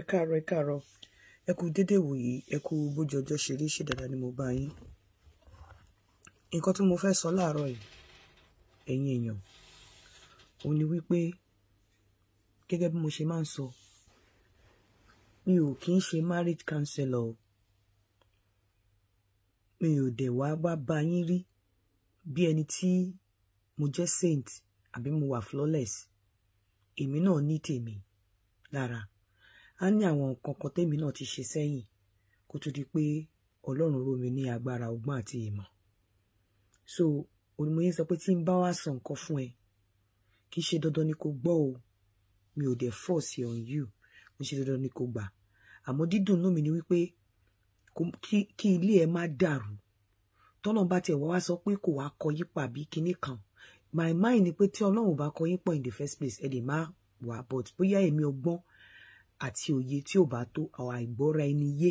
ẹ káàárọ̀ ẹ káàárọ̀ ẹ kú dédé wòyí ẹ kú bójú ọjọ́ ṣe rí ṣe dáadáa ni mo bá yín nǹkan tí mo fẹ́ sọ láàárọ̀ yìí ẹ̀yin èèyàn òun ni wípé gẹ́gẹ́ bí mo ṣe máa ń sọ mi ò kí ń ṣe marriage counselor o mi ò dẹ̀ wá wá bá yín rí bí ẹni tí mo jẹ́ saint àbí mo wà flawless èmi náà ní tèmi lára á ní àwọn nǹkan kan tẹ́mi náà ti ṣe sẹ́yìn kó tó di pé ọlọ́run ró mi ní agbára ọgbọ́n àti ìmọ̀ so onímọ̀ yẹn sọ pé tí ń bá wá sọ nǹkan fún ẹ kì í ṣe dandan ni kò gbọ́ o mi ò dẹ̀ force on you mo ṣe dandan ni kò gbà àmọ́ dídùn inú mi ni wípé kí ilé ẹ má dàrú tọ́nà bá tiẹ̀ wá wá sọ pé kò wá kọ yípa àbí kinní kan my mind ni pé tí ọlọ́run bá kọ yín pọ̀ in the first place ẹ lè má wà but bóyá èmi ọgbọ́n àti òye tí ò bá tó àwọn àìgbọ́ra ẹni yé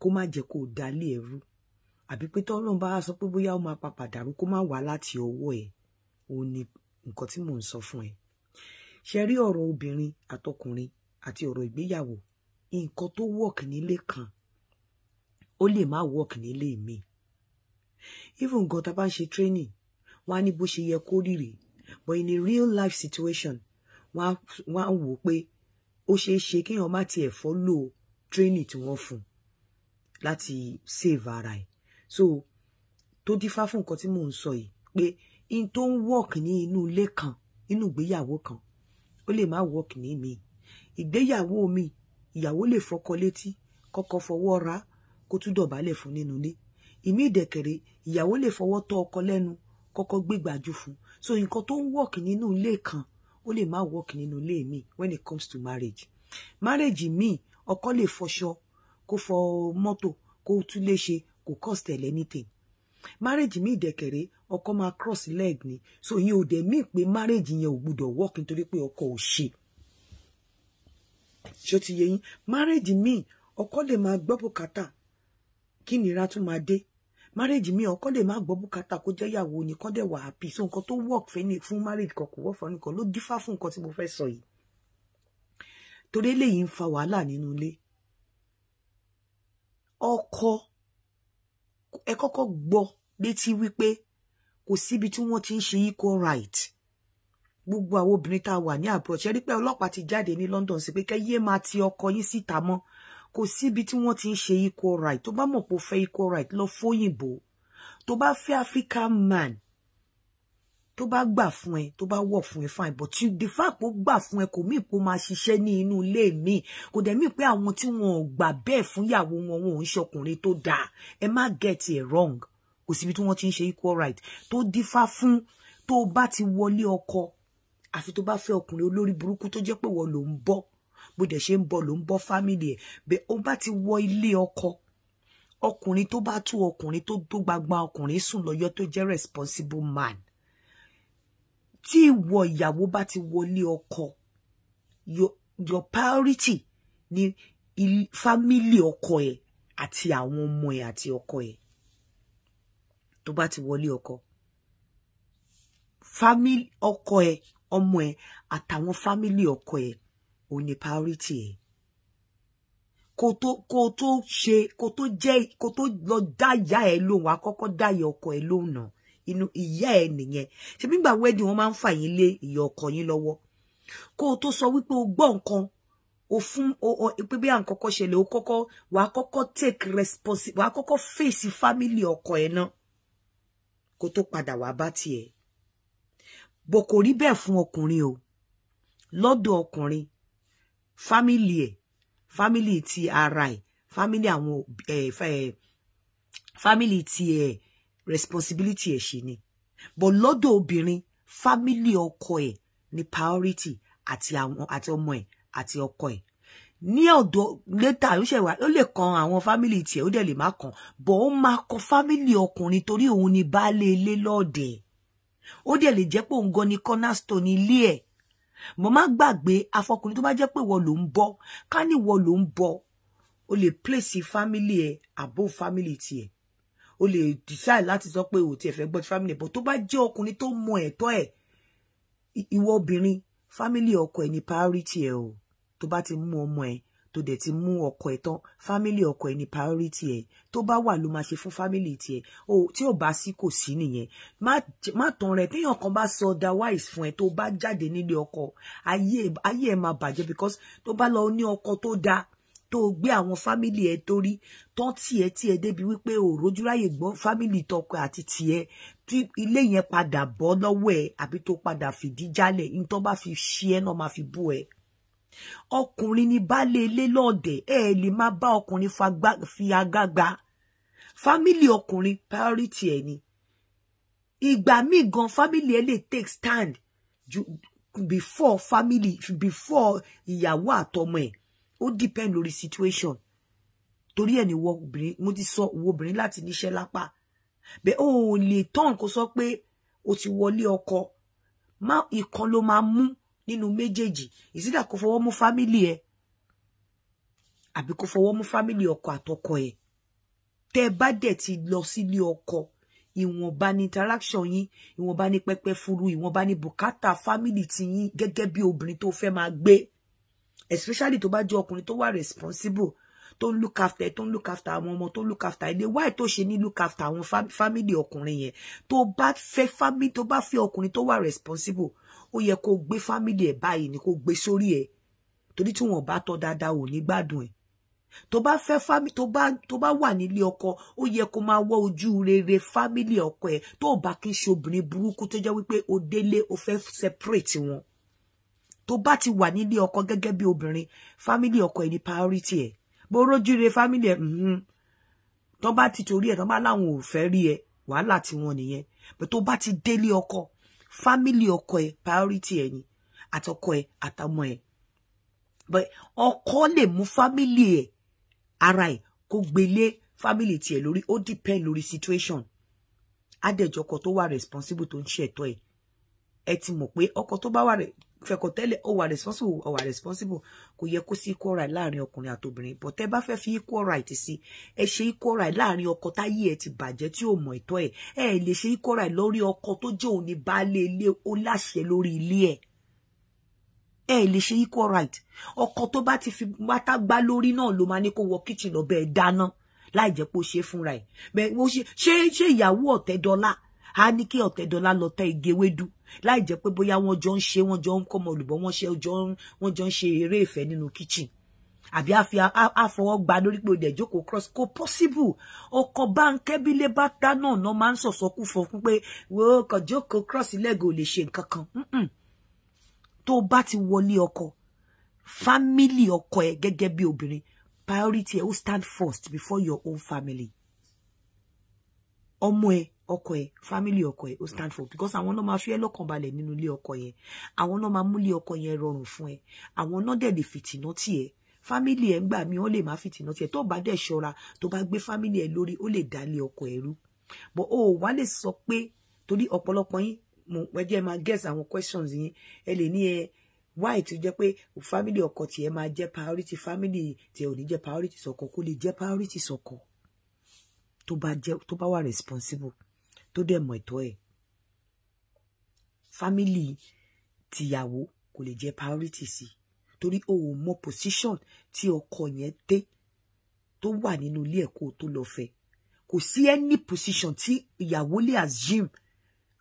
kó má jẹ́ kó dalé ẹrú àbí pé tọ́lọ́run bá sọ pé bóyá ó máa papà dàrú kó má wá láti ọwọ́ ẹ̀ òun ni nǹkan tí mò ń sọ fún ẹ ṣe rí ọ̀rọ̀ obìnrin àtọkùnrin àti ọ̀rọ̀ ìgbéyàwó nǹkan tó wọ̀k nílé kan ó lè má wọ̀k nílé mi even gan ta bá ń ṣe training wọn á ní bó ṣe yẹ kó rírì but in a real life situation wọn á wò ó pé ó ṣeé ṣe kéèyàn má tiẹ̀ follow training tí wọ́n fún láti save ara ẹ̀ so tó dífá fún nǹkan tí mò ń sọ yìí pé in tó ń work ní inú ilé kan inú ìgbéyàwó kan ó lè má work ní mi ìgbéyàwó mi ìyàwó lè fọkọ létí kọ́kọ́ fọwọ́ ra kó tún dọ̀bálẹ̀ fún nínú ilé ìmí ìdẹ̀kẹ̀rẹ̀ ìyàwó lè fọwọ́ tọ́ ọkọ lẹ́nu kọ́kọ́ gbégbájú fún so nǹkan tó ń work nínú ilé kan ó lè má work nínú ilé mi when it comes to marriage marriage mi ọkọ lè fọṣọ kó fọ mọ́tò kó tún lè ṣe kò cost ẹ̀ anything marriage mi ìdẹ̀kẹ̀rẹ̀ ọkọ máa cross leg ni so ìyẹn ò dẹ̀ mí pé marriage yẹn ò gbúdọ̀ work nítorí pé ọkọ ò ṣe ṣó ti yẹ yín marriage mi ọkọ lè máa gbọ́ bùkátà kí nira tún máa dé marriage mi ọ̀kan lè má gbọ́ bùkátà kó jẹ́ ìyàwó ni kán dẹ̀ wà happy so nǹkan tó work fẹ́ni fún marriage kan kò work fún nìkan ló dífá fún nǹkan tí mo fẹ́ sọ yìí torí eléyìí ń fa wàhálà nínú ilé ọkọ ẹ kọ́kọ́ gbọ́ létí wípé kò síbi tí wọ́n ti ń ṣe equal right gbogbo àwọn obìnrin tá a wà ní àbúrò ṣe rí pé ọlọ́pàá ti jáde ní London sí pé kẹ́ yé máa ti ọkọ yín síta mọ́ kò síbi tí wọ́n ti ń ṣe equal right tó bá mọ̀ pé o fẹ́ equal right lọ fóyìnbó tó bá fẹ́ African man tó bá gbà fún ẹ tó bá wọ̀ fún ẹ fine but you the fact pé ó gbà fún ẹ kò mí pé ó máa ṣiṣẹ́ ní inú ilé mi kò dẹ̀ mí pé àwọn tí wọn ò gbà bẹ́ẹ̀ fún ìyàwó wọn wọn ò ń ṣọkùnrin tó dáa ẹ má get it wrong kò síbi tí wọ́n ti ń ṣe equal right tó dífá fún tó bá ti wọlé ọkọ àfi tó bá fẹ́ ọkùnrin olórí burúkú tó jẹ́ pé wọ́n ló ń bọ́ bó dẹ̀ ṣe ń bọ̀ ló ń bọ́ fámìlì ẹ̀ bẹ́ẹ̀ ó bá ti wọ ilé ọkọ ọkùnrin tó bá tú ọkùnrin tó tó gbagba ọkùnrin sùn lọ́yọ́ tó jẹ́ responsible man tí ìwọ ìyàwó bá ti wọlé ọkọ your, your priority ni fámìlì ọkọ ẹ àti àwọn ọmọ ẹ àti ọkọ ẹ tó bá ti wọlé ọkọ fámìlì ọkọ ẹ ọmọ ẹ àtàwọn fámìlì ọkọ ẹ òun ni priority ẹ̀ kó tó kó tó ṣe kó tó jẹ́ kó tó lọ dá ìyá ẹ̀ lóhùn àkọ́kọ́ dá ìyá ọkọ ẹ̀ lóhùn náà inú ìyá ẹ̀ nìyẹn ṣe nígbà wedding wọn máa ń fà yín lé ìyá ọkọ yín lọ́wọ́ kó o tó sọ wípé o gbọ́ nǹkan o fún o o pé bí à ń kọ́kọ́ ṣẹlẹ̀ o kọ́kọ́ wà á kọ́kọ́ take responsi wà á kọ́kọ́ fèsì family ọkọ ẹ̀ náà kó tó padà wà bá tiẹ̀ bò kò rí bẹ́ẹ̀ fún ọkùnrin o lọ́dọ̀ ọkùnrin Family, ẹ̀ fámìlì ti ara ẹ̀ family àwọn fámìlì ti ẹ̀ responsibility ẹ̀ ṣe ni but lọ́dọ̀ obìnrin family ọkọ ẹ̀ ni priority àti àwọn àti ọmọ ẹ̀ àti ọkọ ẹ̀ ní ọ̀dọ̀ létà ó ṣẹ̀wá ó lè kan àwọn family tiẹ̀ ó dẹ̀ lè má kan bọ̀ ó máa kan fámìlì ọkùnrin torí òun ni baálé ilé lọ́ọ̀dẹ̀ ó dẹ̀ lè jẹ́ pé òun gan ni cornerstone ilé ẹ̀ mo má gbàgbé afọkùnrin tó bá jẹ́ pé wọ́n ló ń bọ́ ká ní wọ́n ló ń bọ́ o lè pèsè fámílì ẹ̀ àbò fámílì tiẹ̀ o lè decide láti sọ pé o tiẹ̀ fẹ́ gbọ́ ti fámílì ẹ̀ bọ́ tó bá jẹ́ ọkùnrin tó mọ ẹ̀tọ́ ẹ̀ ìwọ obìnrin fámílì ọkọ ẹ̀ ní priority ẹ̀ o tó bá ti mú ọmọ ẹ̀ tó dẹ̀ ti mú ọkọ ẹ̀ tán fámílì ọkọ ẹ̀ ní priority ẹ̀ tó bá wà ló máa ṣe fún fámílì tiẹ̀ tí ò bá sí kò sí nìyẹn má tàn rẹ téèyàn kan bá sọ otherwise fún ẹ tó bá jáde nílé ọkọ ayé ayé máa bàjẹ́ because tó bá lọ ní ọkọ tó dáa tó gbé àwọn fámìlì ẹ torí tán tiẹ̀ tiẹ̀ débi wípé ò rójúráyè gbọ́ fámìlì tọkọ àti tiẹ̀ tí ilé yẹn padà bọ́ lọ́wọ́ ẹ àbí tó padà fìdí jálẹ̀ ní tó bá fi ṣí ẹ náà máa fi bú ẹ ọkùnrin ni baálé ilé lọ́ọ̀dẹ̀ ẹ lè má bá ọkùnrin fi agágba fámìlì ọkùnrin priority ẹ ni ìgbà míì gan fámìlì ẹ lè take stand before family before ìyàwó àtọmọ ẹ ó depend lórí situation torí ẹ ní wọ obìnrin mo ti sọ wo obìnrin láti níṣẹ́ lápá bẹ́ẹ̀ o ò lè tán kó sọ pé o ti wọlé ọkọ ìkan ló máa mú nínú méjèèjì ìsídà kó fọwọ́ mú fámìlì ẹ àbí kó fọwọ́ mú fámìlì ọkọ àtọkọ ẹ tẹ bá dẹ̀ ti lọ sílé ọkọ ìwọ̀nba ni interaction yín ìwọ̀nba ni pẹpẹ furu ìwọ̀nba ni bùkátà fámìlì ti yín gẹ́gẹ́ bí obìnrin tó fẹ́ máa gbé especially tó bá jẹ́ ọkùnrin tó wà responsible tó ń look after tó ń look after àwọn ọmọ tó ń look after ilé wáì tó ṣe ní look after àwọn family ọkùnrin yẹn tó bá fẹ́ family tó bá fẹ́ ọkùnrin tó wà responsible ó yẹ kó gbé fámìlì ẹ̀ báyìí ni kó gbé sórí ẹ̀ torí tí wọ́n bá tọ́ dáadáa ò ní gbádùn ẹ̀ tó bá fẹ́ fámì tó bá tó bá wà nílé ọkọ ó yẹ kó máa wọ ojú rere fámìlì ọkọ ẹ̀ tó bá kí n ṣe obìnrin burúkú tó jẹ́ wípé o délé o fẹ́ separate wọn tó bá ti wà nílé ọkọ gẹ́gẹ́ bí obìnrin fámìlì ọkọ ẹ̀ ní priority ẹ̀ bó rójú rere fámìlì ẹ̀ mm-hmm. tó bá ti torí ẹ̀ tó bá láwọn ò fẹ́ rí ẹ wàhálà tiwọn nìyẹn bó tó bá ti délé ọkọ family ọkọ ẹ priority e ni àtọkọ ẹ àtọmọ ẹ but ọkọ le mu family e ara ẹ kó gbélé family tiẹ lórí ó depend lori situation adẹjọkọ tó wa responsible tó ń ṣe ẹ̀tọ́ ẹ ẹ ti mọ̀ pé ọkọ tó bá wà fẹ́ kó tẹ́lẹ̀ ó wà responsible ó wà responsible kò yẹ kó sí equal right láàrin ọkùnrin àtobìnrin but tẹ́ bá fẹ́ fi equal right sí ẹ ṣe equal right láàrin ọkọ táyé ẹ ti bàjẹ́ tí ò mọ̀ ìtọ́ ẹ̀ ẹ lè ṣe equal right lórí ọkọ tó jẹ́ òní baálé ilé ó láṣẹ lórí ilé ẹ̀ ẹ lè ṣe equal right ọkọ tó bá ti fi bàtà gbá lórí náà ló máa ní kó wọ kitchen lọ dáná láì jẹ́ pé ó ṣe fúnra ẹ̀ ṣe ṣe ìyàwó ọ̀tẹ̀dọ́lá á ní kí Ọ̀tẹ̀dọ́lá lọ ta igi ewédú láì jẹ́ pé bóyá wọ́n jọ ń ṣe wọ́n jọ ń kọ́mọ olùbọ́ wọ́n ṣe wọ́n jọ ń ṣe eré ìfẹ́ nínú kitchen àbí àfọwọ́ gba lórí pé òdẹ̀ jókòó cross kò possible ọkọ̀ báńkẹ́ bílé bá dá náà náà máa ń sọ̀sọ́kú fọ fún pé wọ́n kàn jókòó cross lẹ́gàn ò lè ṣe nǹkan kan tó o bá ti wọlé ọkọ fámìlì ọkọ ẹ gẹ́gẹ́ bí obìnrin priority ẹ ó stand first before your own family ọmọ ẹ ọkọ ẹ family ọkọ ẹ ó stand for because àwọn náà máa fi ẹ́ lọ́kàn balẹ̀ nínú ilé ọkọ yẹn àwọn náà máa mú ilé ọkọ yẹn rọrùn fún ẹ àwọn náà dẹ̀ lè fìtìná tì ẹ́ family ẹ̀ ń gbà mí wọ́n lè máa fìtìná tì ẹ́ tó bá dẹ̀ ṣọ́ra tó bá gbé family ẹ̀ lórí ó lè dá ilé ọkọ ẹ̀ rú but o wá lè sọ pé torí ọ̀pọ̀lọpọ̀ yín mo ẹ jẹ́ máa guess àwọn questions yín ẹ lè ní ẹ why tó jẹ́ pé family ọkọ tiẹ̀ máa jẹ́ priority family tiẹ̀ ò ní jẹ́ priority sọ̀kọ kó lè jẹ́ priority sọ̀kọ tó bá jẹ́ tó bá wà responsible tó dẹ̀ mọ̀ ẹ̀tọ́ ẹ̀ fámìlì tìyàwó kò lè jẹ́ priority sí torí o ò mọ position tí ọkọ yẹn dé tó wà nínú ilé ẹ̀kọ́ tó lọ fẹ́ kò sí any position tí ìyàwó lè assume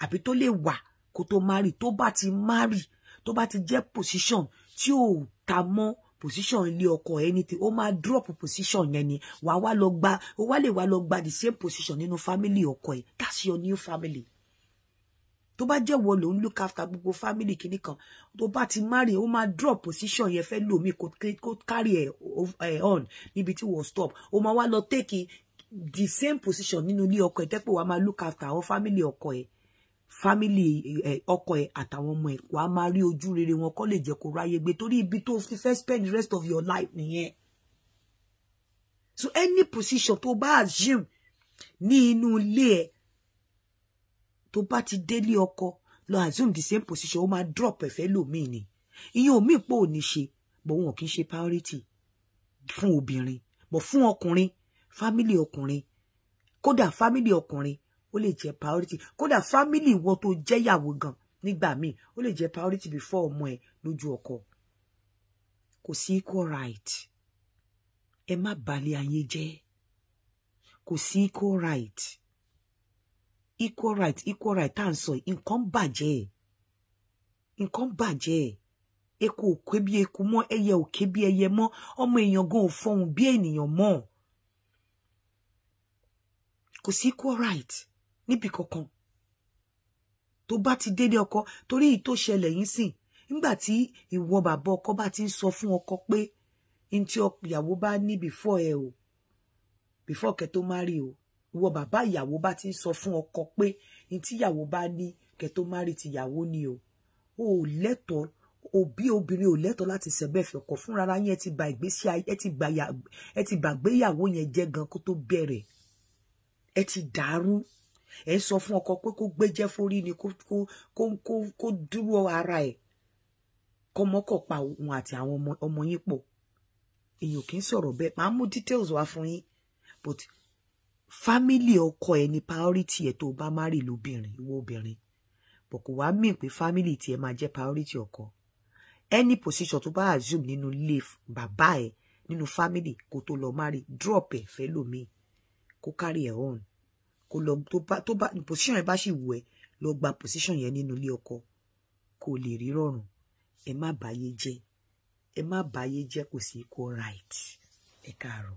àbí tó lè wà kó tó marry tó bá ti marry tó bá ti jẹ́ position tí ò ta mọ́ position ilé ọkọ anything ó máa drop position yẹn ni wà wá lọ gba ó wá lè wá lọ gba the same position nínú family ọkọ ẹ that's your new family tó bá jẹ́wọ́ ló ń look after gbogbo family kìíní kan tó bá ti marry ó máa drop position yẹn fẹ́ lòmíì kó carry ẹ̀ on níbi tí wọ́n stop ó máa wá lọ take the same position nínú ilé ọkọ ẹ tẹ́pẹ́ wàá máa look after àwọn family ọkọ ẹ̀ fámìlì ọkọ ẹ àtàwọn ọmọ ẹ wàá máa rí ojú rere wọn kó lè jẹ́ kó ráyè gbé torí ibi tó fi fẹ́ spend the rest of your life nìyẹn so any position tó bá assume ní inú ilé ẹ tó bá ti délé ọkọ lọ assume the same position ó máa drop ẹ̀fẹ́ lòmíì ni ìyẹn omi pò ní ṣe bọ̀ wọn kì í ṣe priority fún obìnrin bọ̀ fún ọkùnrin fámìlì ọkùnrin kódà fámìlì ọkùnrin ó lè jẹ́ priority kódà family to tó jẹ́yàwó gan nígbà míì ó lè je priority before ọmọ ẹ lójú ọkọ kò sí equal right ẹ má balẹ̀ ayé Ko kò sí equal right equal right equal right tá à ń sọ nǹkan bàjẹ́ nǹkan eku ò ké bí eku mọ́ ẹyẹ ò ké bí ẹyẹ mọ́ ọmọ èèyàn gan ò fọhùn bí ènìyàn mọ́ kò sí equal right. níbi kankan tó bá ti dédé ọkọ torí ìtò ṣẹlẹ̀ yìí sìn nígbà tí ìwọ bàbá ọkọ bá ti ń sọ fún ọkọ pé n tí ìyàwó bá ní bìfọ ẹ o bìfọ kẹ tó má rí o ìwọ bàbá ìyàwó bá ti ń sọ fún ọkọ pé n tí ìyàwó bá ní kẹ tó má rí tìyàwó ni o o lẹ́tọ̀ọ́ òbí obìnrin ò lẹ́tọ̀ọ́ láti sẹ̀bẹ̀fẹ̀ ọkọ fúnra ara yẹn ti ba ìgbésí ayé ẹ ti gbàgbéyàwó yẹn jẹ́ gan kó tó bẹ̀rẹ̀ ẹ ti dàrú ẹ sọ fún ọkọ pé kó gbéjẹ́ forí ni kó kó kó kó dúró ara ẹ̀ kọ́mọ́kọ̀ pa òun àti àwọn ọmọ yín pọ̀ èèyàn kì í sọ̀rọ̀ bẹ́ẹ̀ máa mú details wá fún yín but family ọkọ ẹ ní priority ẹ tó bá marry lóbìnrin ìwọ obìnrin bọ̀ kò wá mí pé family tiẹ̀ máa jẹ́ priority ọkọ any position tó bá assume nínú ilé bàbá ẹ nínú family kó tó lọ marry drop ẹ fẹ́ lòmíì kó carry ẹ on kó lọ tó bá tó position yẹn bá sì wù ẹ́ lọ gba position yẹn nínú ilé ọkọ kó lè rí rọrùn ẹ má bàyé jẹ́ ẹ má bàyé jẹ́ kò sí equal right ẹ káàárọ̀.